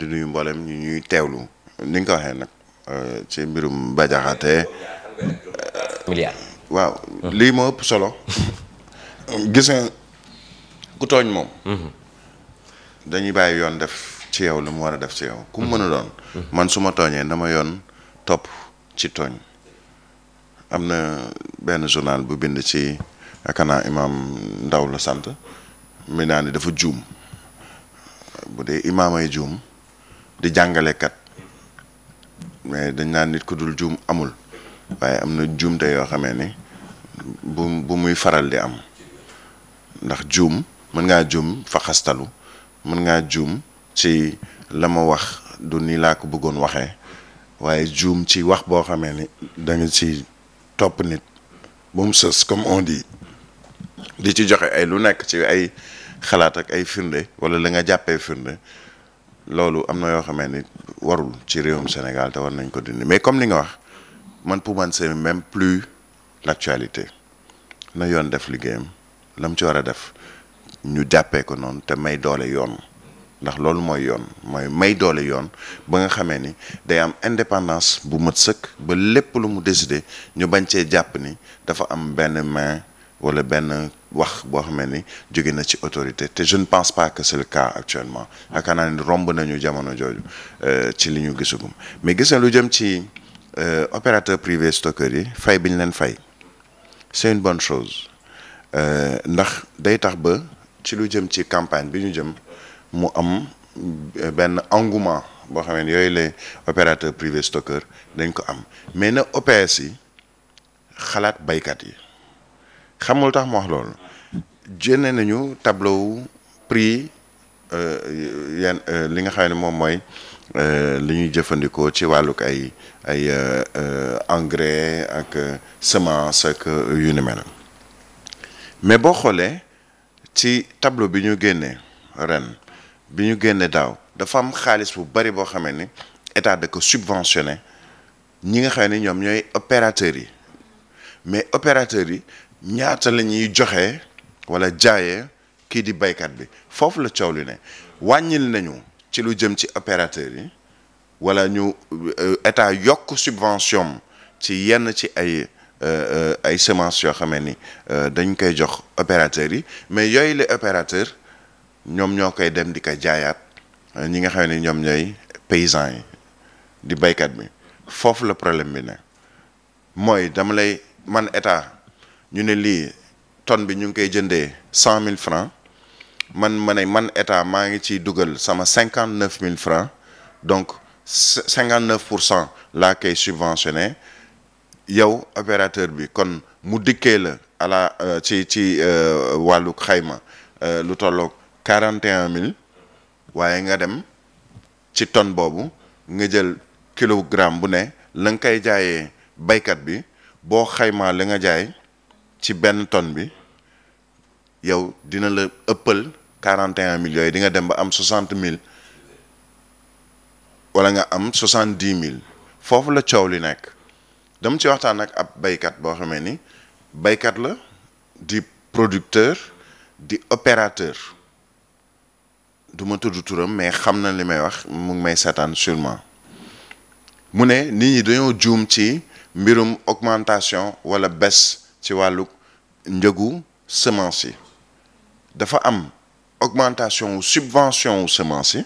di nuyu mboolem ñu ñuy teewlu ni ko waxee nag euh, ci mbirum bajaxate euh, waaw mm-hmm. lii moo ëpp solo gis nga ku tooñ moom mm-hmm. dañuy bàyyi yoon def ci yow lu mu war a def ci yow ku mu mm-hmm. mën a doon man suma ma tooñee dama yoon topp ci tooñ am na benn journal bu bind ci akanaa imaam Ndaw la sant mi naa ni dafa juum bu dee imaamay juum di jàngalekat mais dañ naan nit ku dul juum amul waaye am na juumte yoo xamee ni bu muy faral di am ndax juum mën ngaa juum fa xastalu mën ngaa juum ci la ma wax du nii laa ko bëggoon waxee waaye juum ci wax boo xamee ni da ci topp nit bu mu sës comme on dit di ci joxe ay lu nekk ci ay xalaat ak ay firnde wala la nga jàppee firnde loolu am na yoo xamee ni warul ci réewum Sénégal te war nañ ko dindi mais comme li nga wax man pour man c'est même plus l'actualité na yoon def liggéeyam la mu ci war a def ñu jàppee ko noonu te may doole yoon ndax loolu mooy yoon mooy may doole yoon ba nga xamee ni day am indépendance bu mat sëkk ba lépp lu mu décider ñu bañ cee jàpp ni dafa am benn main wala benn wax boo xam ne ni jóge na ci autorité te jeune pense pas que c'est le cas actuellement yaakaar romb nañu jamono jooju euh, ci li ñu gisagum mais gis na lu jëm ci euh, opérateur privé stockeur yi fay bi ñu leen fay c'est une bonne chose euh, ndax day tax ba ci lu jëm ci campagne bi ñu jëm mu am benn engouement boo xam ne yooyu les opérateurs privés stockeurs dañ ko am mais na OPS yi xalaat baykat yi xam tax ma wax loolu génne nañu tableau wu prix euh, yenn euh, li nga xam ne moom mooy euh, li ñuy jëfandikoo ci wàllug ay ay engrais ak semence ak yu ni mais boo xoolee ci tableau bi ñu génnee ren bi ñu génnee daaw dafa am xaalis bu bari boo xamee ni état da ko subventionné ñi nga xam ni ñoom ñooy opérateurs yi mais opérateurs yi ñaata la ñuy joxe wala jaaye kii di baykat bi foofu la coow li ne wàññil nañu ci lu jëm ci opérateur yi wala ñu euh, état yokk subvention ci yenn ci ay euh, ay semences yoo xamee ni euh, dañ koy jox opérateurs yi mais yooyu les opérateurs ñoom ñoo koy dem di ko jaayaat ñi nga xam ne ñoom ñooy paysans yi di baykat bi foofu la problème bi ne mooy dama lay man état. ñu ne lii tonne bi ñu ngi koy jëndee cent mille francs man ma ne man état maa ngi ciy dugal sama cinquante neuf mille francs donc cinquante neuf pour cent laa koy subventionné yow opérateur bi kon mu dikkee la à la euh, ci ci euh, wàllu xayma euh, lu tolloog quarante et mille waaye nga dem ci tonne boobu nga jël kilogramme bu ne la nga koy jaayee baykat bi boo xaymaa li nga jaay ci benn tonne bi yow dina la ëppal quarante et un mille yooyu di nga dem ba am soixante mille wala nga am soixante dix mille foofu la coow li nekk dama ci waxtaan ak ab baykat boo xamee ni baykat la di producteur di opérateur du ma tudd turam mais xam na li may wax mu may seetaan sûrement mu ne nit ñi dañoo juum ci mbirum augmentation wala bés ci wàllu njëgu semence yi dafa am augmentation subvention wu semence yi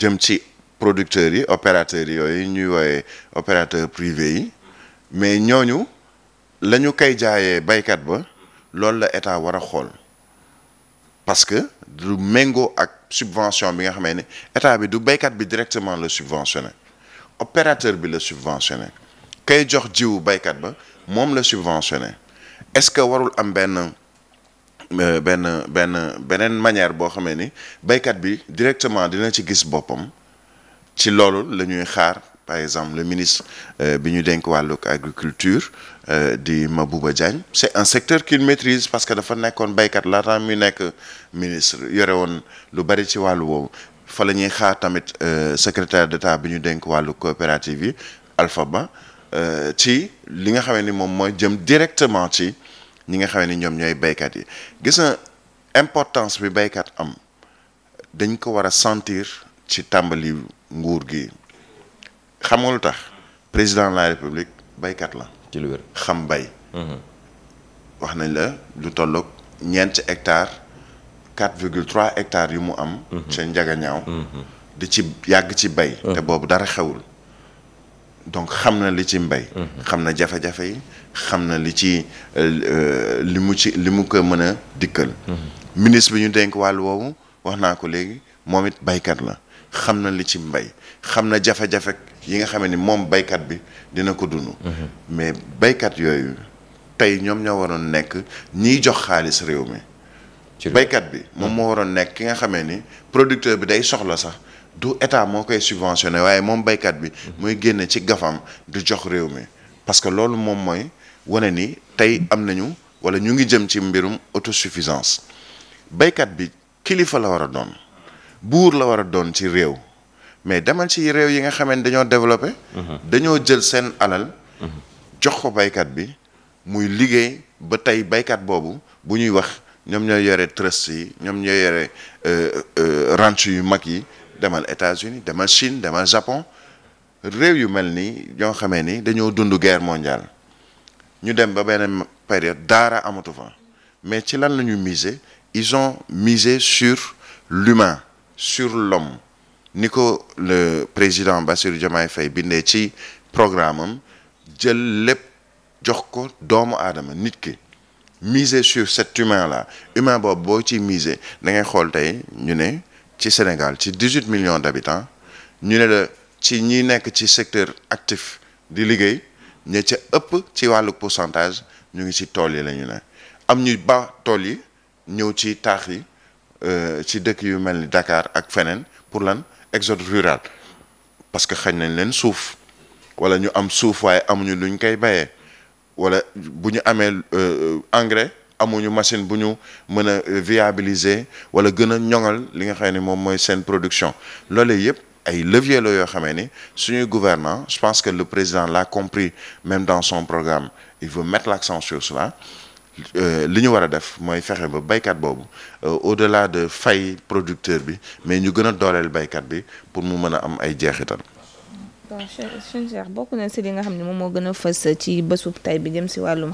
jëm ci producteurs yi opérateurs yooyu ñuy woowee opérateurs privés yi mais ñooñu la ñu koy jaayee baykat ba loolu la état war a xool parce que du méngoo ak subvention bi nga xamee ne état bi du baykat bi directement la subventionné opérateur bi la subventionné kay jox jiwu baykat ba moom la subventionné est-ce que warul am benn euh, benn benn beneen manière boo xamee ni baykat bi directement dina ci gis boppam ci loolu la ñuy xaar par exemple le ministre euh, bi ñu dénk wàlluk agriculture euh, di ma Mabouba Diagne c'est un secteur qu'il maîtrise parce que dafa nekkoon baykat laataa muy nekk ministre yore woon lu bari ci wàllu woowu fa la ñuy xaar tamit secrétaire d'État bi ñu dénk wàllu coopérative yi Alpha Ba Euh, ci li nga xame ni moom mooy jëm directement ci ñi nga xamee ni ñoom ñooy baykat yi gis na importance bi baykat am dañ ko war a sentir ci tàmbali nguur gi xamul tax président de la république baykat la. ci lu xam bay. Mhm. wax nañ la lu tolloog ñeenti hectares quatre virgule trois hectares yu mu am. seen mhm. njagañaaw. Mhm. di ci yàgg ci bay. te boobu dara xewul. donc xam na li ci mbay. Mhm. xam na jafe-jafe yi xam na li ci euh, euh, li mu ci li mu ko mën a dikkal. Mhm. ministre bi ñu dénk wàll woowu wax naa ko léegi moom it baykat la xam na li ci mbay xam na jafe-jafe yi nga xam ni moom baykat bi dina ko dund. Mhm. mais baykat yooyu tey ñoom ñoo waroon nekk ñiy jox xaalis réew mi. baykat bi moom moo waroon nekk ki nga xamee ni producteur bi day soxla sax. du état moo koy subventionné waaye moom baykat bi muy génne ci gafam du jox réew mi parce que loolu moom mooy wane ni tey am nañu wala ñu ngi jëm ci mbirum autosuffisance baykat bi kilifa la war a doon buur la war a doon ci réew mais demal ci réew yi nga xamante dañoo développé mhm. dañoo jël seen alal mhm. jox ko baykat bi muy liggéey ba tey baykat boobu bu ñuy wax ñoom ñooy yore trust yi ñoom ñoo yore euh, euh, ranch yu mag yi demal États-Unis demal Chine demal Japon réew yu mel nii ñoo xamee ni dañoo dund guerre mondiale ñu dem ba beneen période daara amatu fa mais ci lan la ñu miser ils ont misé sur l'humain sur l'homme ni ko le président Bassirou Diomaye fay bindee ci programme am jël lépp jox ko doomu aadama nit ki mise sur cet humain là humain boobu boo ci miser da ngay xool tey ñu ne ci Sénégal ci dix-huit millions d'habitants ñu ne la ci ñi nekk ci secteur actif di liggéey ña ca ëpp ci wàllu pourcentage ñu ngi ci tool yi la ne am ñu ba tool yi ñëw ci taax yi euh, ci dëkk yu mel ni Dakar ak feneen pour lan exode rural parce que xañ nañ leen suuf wala ñu am suuf waaye amuñu luñ koy bayee wala bu ñu amee euh, engrais amuñu machine bu ñu mën a euh, viabiliser wala gën a ñoŋal li nga xam ni moom mooy seen production loole yëpp ay levier la yoo xamee ni suñuy gouvernant je pense que le président l'a compris même dans son programme il veut mettre l'accent sur cela euh, li ñu war a def mooy fexe ba baykat boobu euh, au-delà de fay producteur bi mais ñu gën a dooleel baykat bi pour mu mën a am ay jeexital. bokk na si li nga xam ne moom moo gën a ci bésub tay bi jëm si wàllum